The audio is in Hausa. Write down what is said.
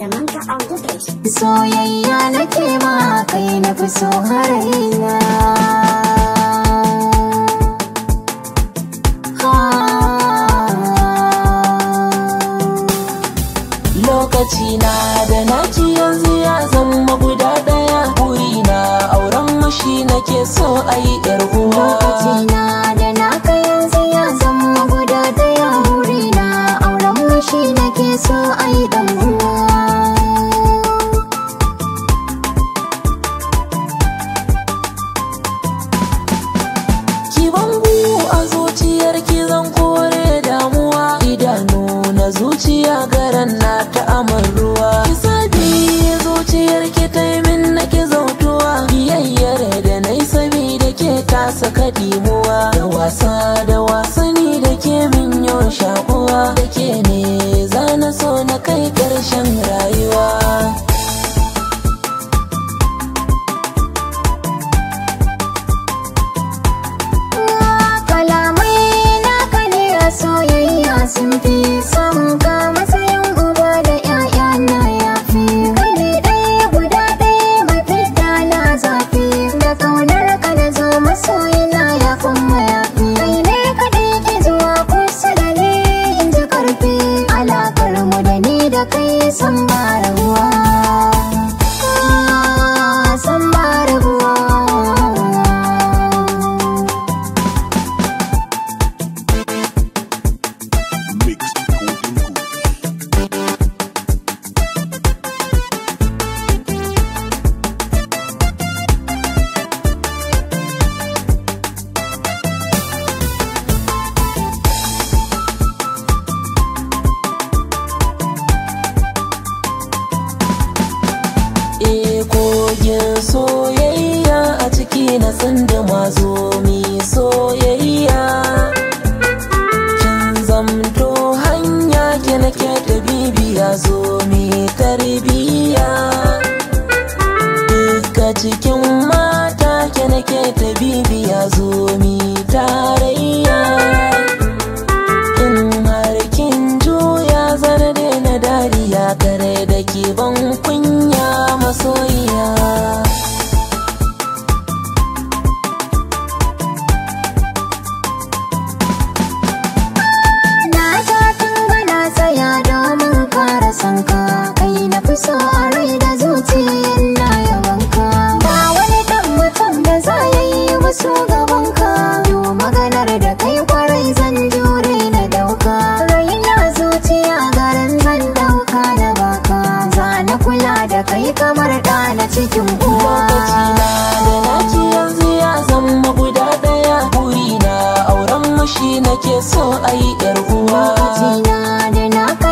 zaman ka soyayya nake ma kai na fi so har lokaci na da naci yanzu ya zama guda ɗaya wuri na auren mashi nake so yi yar uwa lokaci na da naka yanzu ya zama guda ɗaya wuri na auren mashi nake so ai ɗan uwa soyayyar ki zan kore damuwa idanu na zuciya garan na ta amar ruwa ki sabi zuciyar ki taimin na ki zautuwa biyayyar da na yi da ke ta saka dimuwa da wasa da wasani da ke min yau shakuwa da ke ne zana so na kai karshen rayuwa sun fi son ka cikin soyayya a ciki na sanda da mazo mi soyayya kin zamto hanya ke nake da bibiya zo mi tarbiya duka cikin mata ke nake da bibiya zo mi tarayya in har juya zan na dariya kare da ban kunya masoyiya na cikin uwa lokaci na da naci yanzu ya zama guda daya buri na auren mashi nake so ayi yar uwa lokaci na da